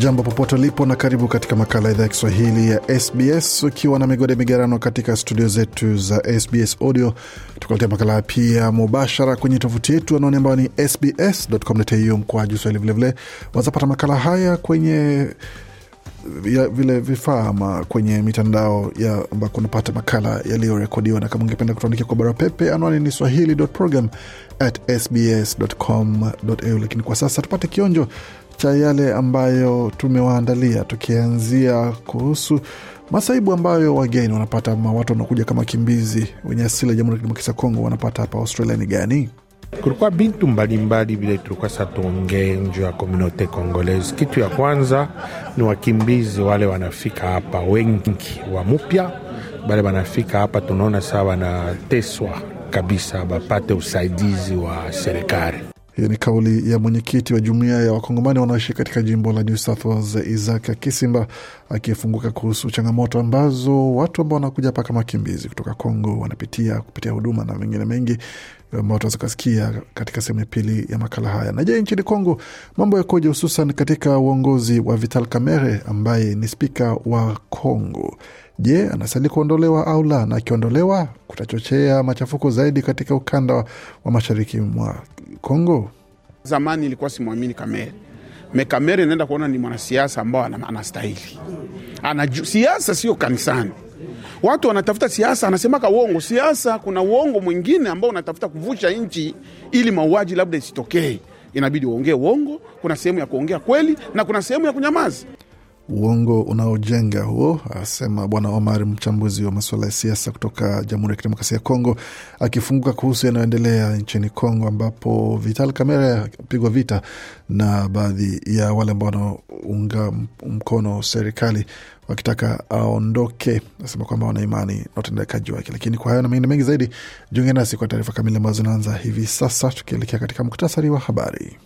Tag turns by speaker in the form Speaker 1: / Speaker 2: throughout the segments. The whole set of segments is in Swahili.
Speaker 1: Jambo popote ulipo na karibu katika makala ya idhaa ya Kiswahili ya SBS ukiwa na migode migarano katika studio zetu za SBS Audio, tukuletea makala pia mubashara kwenye tovuti yetu anaoni ambayo ni sbs.com.au mkwaju swahili. Vilevile wazapata makala haya kwenye ya vile vifaa ama kwenye mitandao ya ambako unapata makala yaliyorekodiwa, na kama ungependa kutuandikia kwa barua pepe, anwani ni swahili.program@sbs.com.au. Lakini kwa sasa tupate kionjo cha yale ambayo tumewaandalia, tukianzia kuhusu masaibu ambayo wageni wanapata ama watu wanakuja kama wakimbizi wenye asili ya Jamhuri ya Kidemokrasia ya Kongo wanapata hapa Australia ni gani? Kulikuwa bintu mbalimbali vile tulikuwa sa tuongee nju ya komunote Kongolezi. Kitu ya kwanza ni wakimbizi wale wanafika hapa wengi wa mupya, bale wanafika hapa tunaona saa wanateswa kabisa, wapate usaidizi wa serikali hiyo ni kauli ya mwenyekiti wa jumuiya ya wakongomani wanaoishi katika jimbo la New South Wales, Isaac Kisimba akifunguka kuhusu changamoto ambazo watu ambao wanakuja hapa kama wakimbizi kutoka Congo wanapitia kupitia huduma na mengine mengi ambao tunaweza kasikia katika sehemu ya pili ya makala haya. Na je, nchini Kongo mambo yakoje, hususan katika uongozi wa Vital Kamerhe ambaye ni spika wa congo Je, anastahili kuondolewa au la? Na akiondolewa kutachochea machafuko zaidi katika ukanda wa mashariki mwa Kongo. Zamani ilikuwa simwamini Kamere me Kamere naenda kuona ni mwanasiasa ambao anastahili, anajua siasa, sio kanisani. Watu wanatafuta siasa, anasemaka uongo siasa. Kuna uongo mwingine ambao unatafuta kuvusha nchi ili mauaji labda isitokee. Inabidi uongee uongo, kuna sehemu ya kuongea kweli na kuna sehemu ya kunyamaza uongo unaojenga huo, asema Bwana Omar, mchambuzi wa masuala ya siasa kutoka Jamhuri ya Kidemokrasia ya Kongo, akifunguka kuhusu yanayoendelea nchini Kongo, ambapo Vital Kamera yapigwa vita na baadhi ya wale ambao wanaunga mkono serikali wakitaka aondoke. Nasema kwamba wana imani na utendekaji wake. Lakini kwa hayo na mengine mengi zaidi, jiunge nasi kwa taarifa kamili ambazo zinaanza hivi sasa, tukielekea katika muktasari wa habari.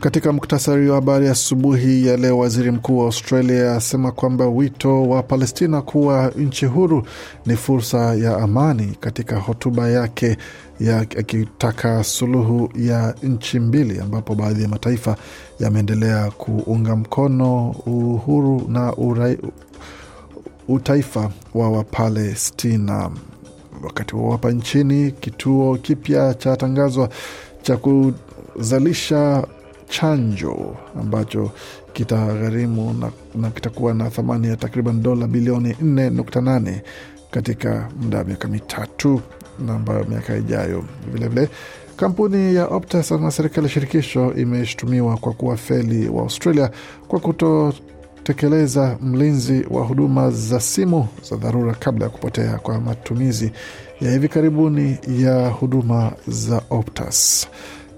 Speaker 1: Katika muktasari wa habari asubuhi ya, leo, waziri mkuu wa Australia asema kwamba wito wa Palestina kuwa nchi huru ni fursa ya amani, katika hotuba yake akitaka ya suluhu ya nchi mbili, ambapo baadhi ya mataifa yameendelea kuunga mkono uhuru na urai, utaifa wa Wapalestina. Wakati huo hapa nchini, kituo kipya cha tangazwa cha kuzalisha chanjo ambacho kitagharimu na, na kitakuwa na thamani ya takriban dola bilioni 4.8 katika muda wa miaka mitatu na ambayo miaka ijayo. Vilevile kampuni ya Optus na serikali ya shirikisho imeshutumiwa kwa kuwa feli wa Australia kwa kutotekeleza mlinzi wa huduma za simu za dharura kabla ya kupotea kwa matumizi ya hivi karibuni ya huduma za Optus.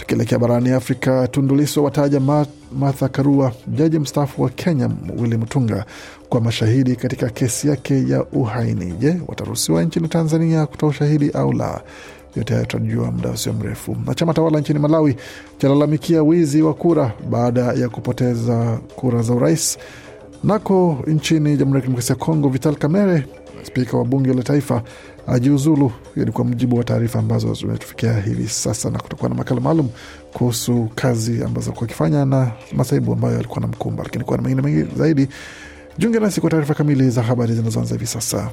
Speaker 1: Tukielekea barani Afrika, Tunduliso wataja Martha Karua, jaji mstaafu wa Kenya Willy Mutunga, kwa mashahidi katika kesi yake ya uhaini. Je, wataruhusiwa nchini Tanzania kutoa ushahidi au la? Yote hayo tutajua muda usio mrefu. Na chama tawala nchini Malawi chalalamikia wizi wa kura baada ya kupoteza kura za urais. Nako nchini Jamhuri ya Kidemokrasia ya Kongo, Vital Kamere, spika wa bunge la taifa, ajiuzulu. Hiyo ni kwa mujibu wa taarifa ambazo zimetufikia hivi sasa, na kutakuwa na makala maalum kuhusu kazi ambazo alikuwa akifanya na masaibu ambayo alikuwa na mkumba, lakini kuwa na mengine mengi zaidi, jiunge nasi kwa taarifa kamili za habari zinazoanza hivi sasa.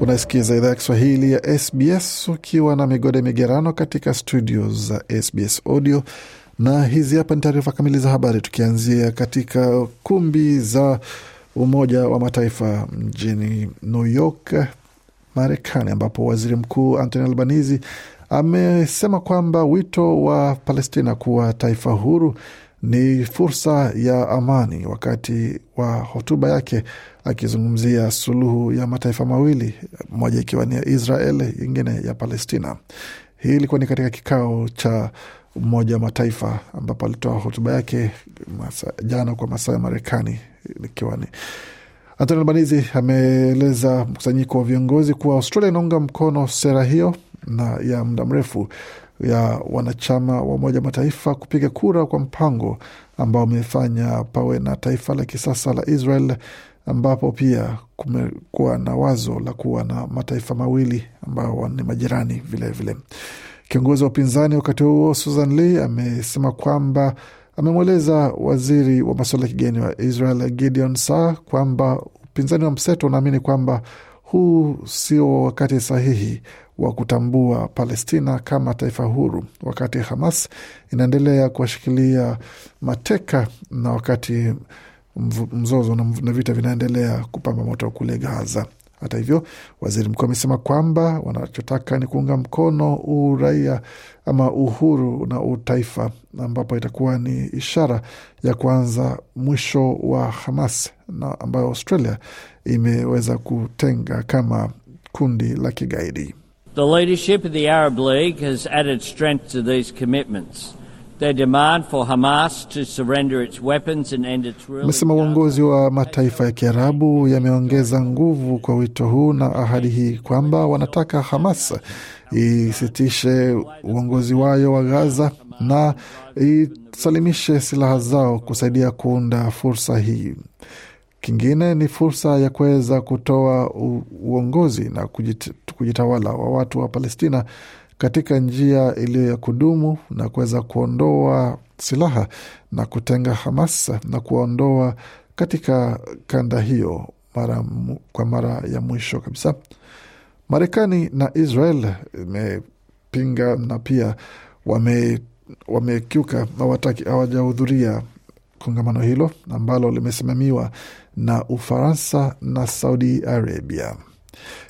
Speaker 1: Unasikiza idhaa ya Kiswahili ya SBS ukiwa na migode migerano katika studio za SBS Audio na hizi hapa ni taarifa kamili za habari, tukianzia katika kumbi za Umoja wa Mataifa mjini New York, Marekani, ambapo waziri mkuu Anthony Albanese amesema kwamba wito wa Palestina kuwa taifa huru ni fursa ya amani, wakati wa hotuba yake akizungumzia suluhu ya mataifa mawili, moja ikiwa ni ya Israel, ingine ya Palestina. Hii ilikuwa ni katika kikao cha Umoja wa Mataifa ambapo alitoa hotuba yake masa, jana kwa masaa ya Marekani ikiwa ni Antonio Albanizi ameeleza mkusanyiko wa viongozi kuwa Australia inaunga mkono sera hiyo na ya muda mrefu ya wanachama wa Umoja Mataifa kupiga kura kwa mpango ambao umefanya pawe na taifa la kisasa la Israel, ambapo pia kumekuwa na wazo la kuwa na mataifa mawili ambao ni majirani vilevile vile. Kiongozi wa upinzani wakati huo Susan Lee amesema kwamba amemweleza waziri wa masuala ya kigeni wa Israel Gideon Saar kwamba upinzani wa mseto unaamini kwamba huu sio wakati sahihi wa kutambua Palestina kama taifa huru, wakati Hamas inaendelea kuwashikilia mateka na wakati mzozo na vita vinaendelea kupamba moto kule Gaza. Hata hivyo, waziri mkuu amesema kwamba wanachotaka ni kuunga mkono uraia ama uhuru na utaifa, ambapo itakuwa ni ishara ya kuanza mwisho wa Hamas na ambayo Australia imeweza kutenga kama kundi la kigaidi. The leadership of the Arab League has added strength to these commitments. Amesema uongozi wa mataifa ya Kiarabu yameongeza nguvu kwa wito huu na ahadi hii kwamba wanataka Hamas isitishe uongozi wayo wa Gaza na isalimishe silaha zao kusaidia kuunda fursa hii. Kingine ni fursa ya kuweza kutoa uongozi na kujitawala wa watu wa Palestina katika njia iliyo ya kudumu na kuweza kuondoa silaha na kutenga Hamas na kuwaondoa katika kanda hiyo mara kwa mara ya mwisho kabisa. Marekani na Israel imepinga na pia wamekiuka wame hawajahudhuria kongamano hilo ambalo limesimamiwa na Ufaransa na Saudi Arabia.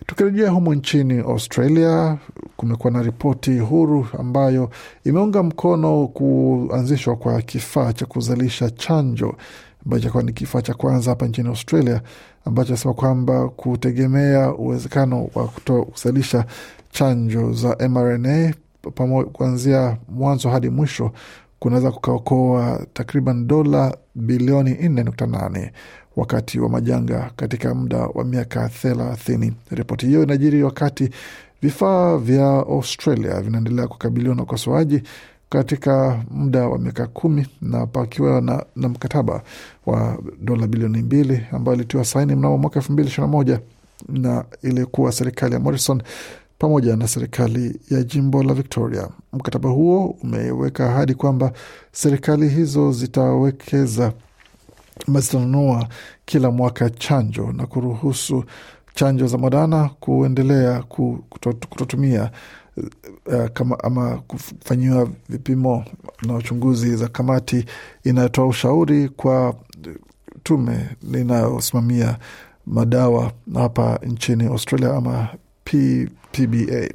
Speaker 1: Tukirejea humo nchini Australia, kumekuwa na ripoti huru ambayo imeunga mkono kuanzishwa kwa kifaa cha kuzalisha chanjo ambacho itakuwa ni kifaa cha kwanza hapa nchini Australia ambacho anasema kwamba kutegemea uwezekano wa kuzalisha chanjo za mRNA kuanzia mwanzo hadi mwisho kunaweza kukaokoa takriban dola bilioni 4.8 wakati wa majanga katika muda wa miaka thelathini. Ripoti hiyo inajiri wakati Vifaa vya Australia vinaendelea kukabiliwa na ukosoaji katika muda wa miaka kumi na pakiwa na, na mkataba wa dola bilioni mbili ambayo ilitiwa saini mnamo mwaka elfu mbili ishirini na moja na ilikuwa serikali ya Morrison pamoja na serikali ya jimbo la Victoria. Mkataba huo umeweka ahadi kwamba serikali hizo zitawekeza ama zitanunua kila mwaka chanjo na kuruhusu chanjo za Moderna kuendelea kutotumia uh, ama kufanyiwa vipimo na uchunguzi za kamati inayotoa ushauri kwa eh, tume linayosimamia madawa hapa nchini Australia ama PBA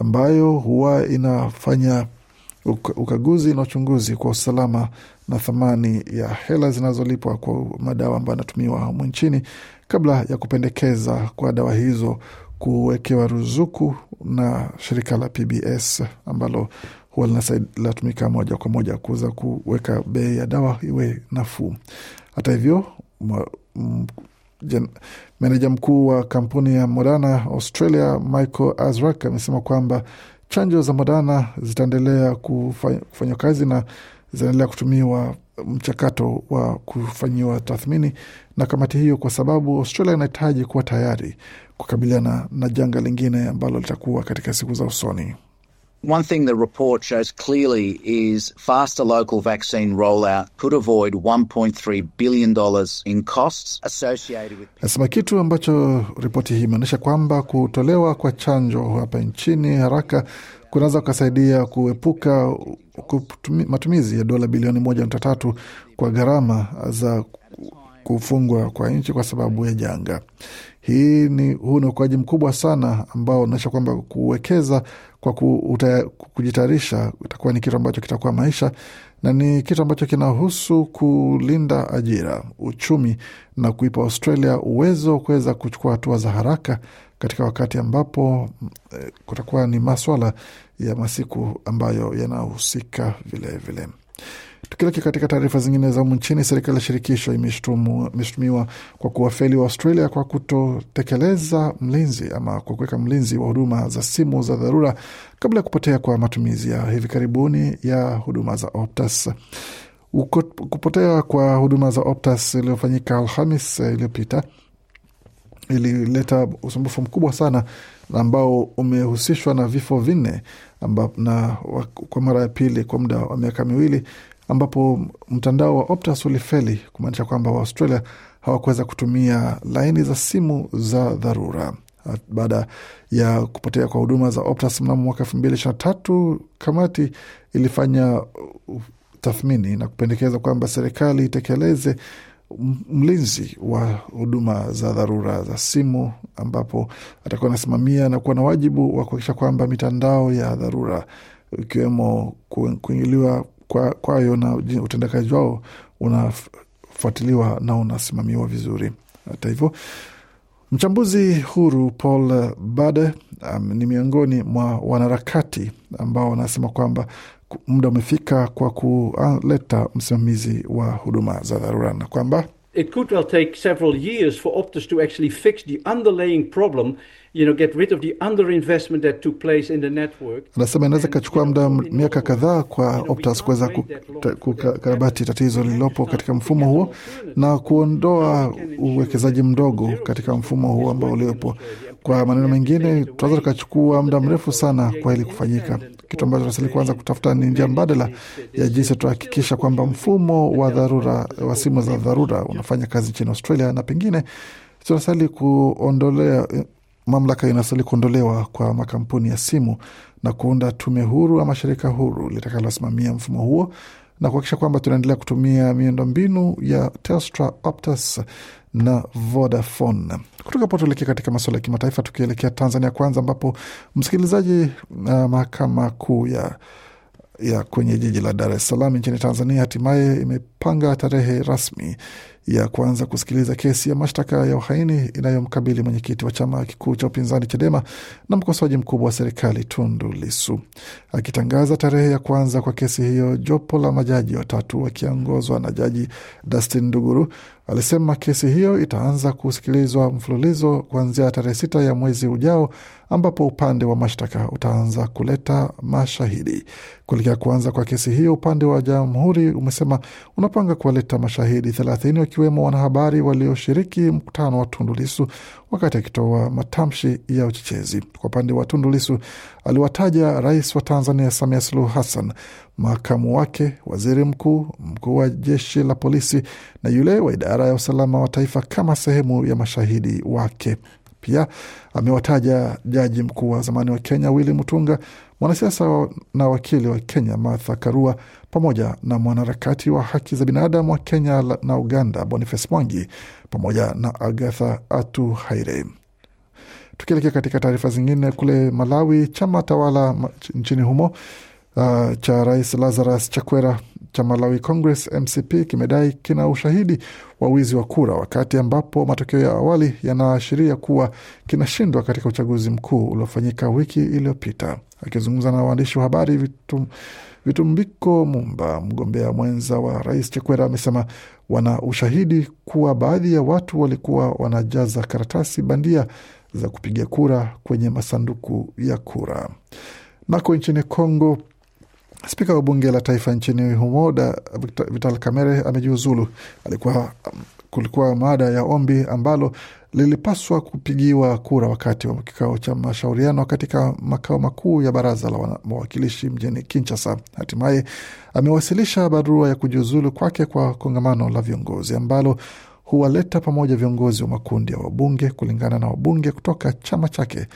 Speaker 1: ambayo huwa inafanya ukaguzi na uchunguzi kwa usalama na thamani ya hela zinazolipwa kwa madawa ambayo yanatumiwa humu nchini kabla ya kupendekeza kwa dawa hizo kuwekewa ruzuku na shirika la PBS ambalo huwa linatumika moja kwa moja kuweza kuweka bei ya dawa iwe nafuu. Hata hivyo, meneja mkuu wa kampuni ya Moderna Australia Michael Azrak amesema kwamba chanjo za Moderna zitaendelea kufanywa kazi na zitaendelea kutumiwa mchakato wa kufanyiwa tathmini na kamati hiyo, kwa sababu Australia inahitaji kuwa tayari kukabiliana na janga lingine ambalo litakuwa katika siku za usoni. One thing the report shows clearly is faster local vaccine rollout could avoid 1.3 billion dollars in costs associated with. Nasema kitu ambacho ripoti hii imeonyesha kwamba kutolewa kwa chanjo hapa nchini haraka kunaweza kusaidia kuepuka matumizi ya dola bilioni 1.3 kwa gharama za kufungwa kwa nchi kwa sababu ya janga. Hii ni, huu ni ukuaji mkubwa sana ambao unaonyesha kwamba kuwekeza kwa kujitayarisha, itakuwa ni kitu ambacho kitakuwa maisha na ni kitu ambacho kinahusu kulinda ajira, uchumi na kuipa Australia uwezo wa kuweza kuchukua hatua za haraka katika wakati ambapo eh, kutakuwa ni maswala ya masiku ambayo yanahusika vilevile. Tukilaki katika taarifa zingine za humu nchini, serikali ya shirikisho imeshutumiwa kwa kuwafeli wa Australia kwa kutotekeleza mlinzi ama kwa kuweka mlinzi wa huduma za simu za dharura kabla ya kupotea kwa matumizi ya hivi karibuni ya huduma za Optus. Kupotea kwa huduma za Optus iliyofanyika Alhamis eh, iliyopita ilileta usumbufu mkubwa sana ambao umehusishwa na vifo vinne, na kwa mara ya pili kwa muda wa miaka miwili ambapo mtandao wa Optus ulifeli kumaanisha kwamba Waaustralia hawakuweza kutumia laini za simu za dharura baada ya kupotea kwa huduma za Optus mnamo mwaka elfu mbili ishirini na tatu, kamati ilifanya tathmini na kupendekeza kwamba serikali itekeleze mlinzi wa huduma za dharura za simu, ambapo atakuwa anasimamia na kuwa na wajibu wa kuhakikisha kwamba mitandao ya dharura ikiwemo kuingiliwa kwayo kwa na utendakazi wao unafuatiliwa na unasimamiwa vizuri. Hata hivyo, mchambuzi huru Paul Bade um, ni miongoni mwa wanaharakati ambao wanasema kwamba muda umefika kwa kuleta msimamizi wa huduma za dharura na kwamba It could well take several years for Optus to actually fix the underlying problem Anasema inaweza ikachukua muda miaka kadhaa kwa Optus kuweza kukarabati tatizo lililopo katika mfumo huo na kuondoa uwekezaji mdogo katika mfumo huo ambao uliopo. Kwa maneno mengine, tunaweza tukachukua muda mrefu sana kwa hili kufanyika, kitu ambacho tunastahili kuanza kutafuta ni njia mbadala ya jinsi tutahakikisha kwamba mfumo wa dharura wa simu za dharura unafanya kazi nchini Australia na pengine tunastahili kuondolea mamlaka inastahili kuondolewa kwa makampuni ya simu na kuunda tume huru ama shirika huru litakalosimamia mfumo huo na kuhakikisha kwamba tunaendelea kutumia miundo mbinu ya Telstra, Optus na Vodafone. Kutoka hapo tuelekea katika masuala ya kimataifa, tukielekea Tanzania kwanza, ambapo msikilizaji, uh, mahakama kuu ya ya kwenye jiji la Dar es Salaam nchini Tanzania hatimaye imepanga tarehe rasmi ya kuanza kusikiliza kesi ya mashtaka ya uhaini inayomkabili mwenyekiti wa chama kikuu cha upinzani Chadema na mkosoaji mkubwa wa serikali Tundu Lisu. Akitangaza tarehe ya kuanza kwa kesi hiyo, jopo la majaji watatu wakiongozwa na Jaji Dustin Nduguru alisema kesi hiyo itaanza kusikilizwa mfululizo kuanzia tarehe sita ya mwezi ujao, ambapo upande wa mashtaka utaanza kuleta mashahidi. Kuelekea kuanza kwa kesi hiyo, upande wa jamhuri umesema unapanga kuwaleta mashahidi thelathini wakiwemo wanahabari walioshiriki mkutano wa Tundulisu wakati akitoa wa matamshi ya uchochezi. Kwa upande wa Tundulisu, aliwataja rais wa Tanzania Samia Suluhu Hassan, makamu wake, waziri mkuu, mkuu wa jeshi la polisi na yule wa idara ya usalama wa taifa kama sehemu ya mashahidi wake. Pia amewataja jaji mkuu wa zamani wa Kenya Willy Mutunga, mwanasiasa na wakili wa Kenya Martha Karua, pamoja na mwanaharakati wa haki za binadamu wa Kenya na Uganda Boniface Mwangi, pamoja na Agatha Atu Haire. Tukielekea katika taarifa zingine, kule Malawi, chama tawala nchini humo uh, cha Rais Lazarus Chakwera cha Malawi Congress MCP kimedai kina ushahidi wa wizi wa kura, wakati ambapo matokeo ya awali yanaashiria kuwa kinashindwa katika uchaguzi mkuu uliofanyika wiki iliyopita. Akizungumza na waandishi wa habari vitum, Vitumbiko Mumba, mgombea mwenza wa rais Chakwera, amesema wana ushahidi kuwa baadhi ya watu walikuwa wanajaza karatasi bandia za kupiga kura kwenye masanduku ya kura. Nako nchini Kongo Spika wa bunge la taifa nchini humo da Vital Kamerhe amejiuzulu. Alikuwa um, kulikuwa mada ya ombi ambalo lilipaswa kupigiwa kura wakati wa kikao cha mashauriano katika makao makuu ya baraza la wawakilishi mjini Kinshasa. Hatimaye amewasilisha barua ya kujiuzulu kwake kwa kongamano la viongozi ambalo huwaleta pamoja viongozi wa makundi ya wabunge kulingana na wabunge kutoka chama chake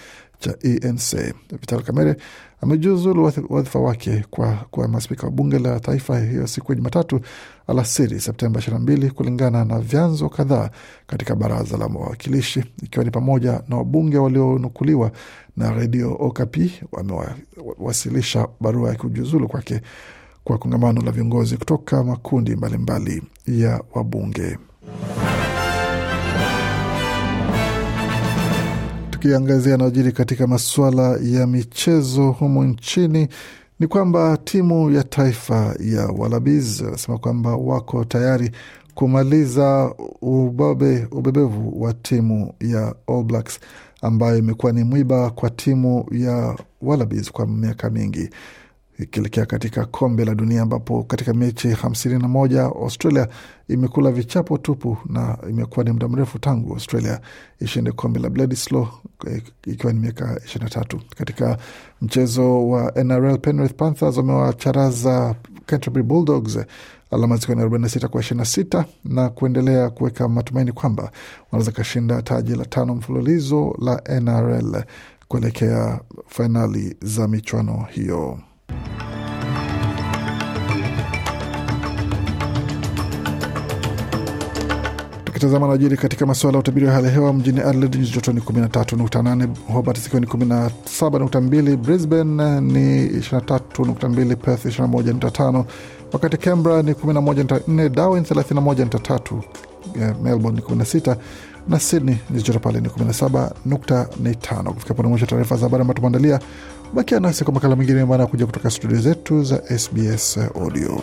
Speaker 1: cha ANC. Vital Kamerhe amejiuzulu wadhifa wake kwa kuwa maspika wa bunge la taifa hiyo siku ya Jumatatu alasiri Septemba 22 kulingana na vyanzo kadhaa katika baraza la mawakilishi, ikiwa ni pamoja na wabunge walionukuliwa na redio Okapi wamewasilisha barua ya kujiuzulu kwake kwa kongamano la viongozi kutoka makundi mbalimbali mbali ya wabunge. tukiangazia anaojiri katika masuala ya michezo humu nchini ni kwamba timu ya taifa ya Wallabies anasema kwamba wako tayari kumaliza ubabe, ubebevu wa timu ya All Blacks ambayo imekuwa ni mwiba kwa timu ya Wallabies kwa miaka mingi ikielekea katika kombe la dunia ambapo katika mechi hamsini na moja Australia imekula vichapo tupu na imekuwa ni muda mrefu tangu Australia ishinde kombe la Bledisloe eh, ikiwa ni miaka ishirini na tatu. Katika mchezo wa NRL, Penrith Panthers wamewacharaza Canterbury Bulldogs alama zikiwa ni sita kwa sita na kuendelea kuweka matumaini kwamba wanaweza kashinda taji la tano mfululizo la NRL kuelekea fainali za michuano hiyo. Tukitazama najiri katika masuala ya utabiri wa hali ya hewa mjini Adelaide nyuzi joto ni 13.8, Hobart zikiwa ni 17.2, Brisbane ni 23.2, Perth 21.5, wakati Canberra ni 11.4, Darwin 31.3, eh, Melbourne ni 16 na Sydney nyuzi joto pale ni 17.5. Kufika pone mwisho taarifa za habari ambayo tumeandalia, bakia nasi kwa makala mengine maana kuja kutoka studio zetu za SBS Audio.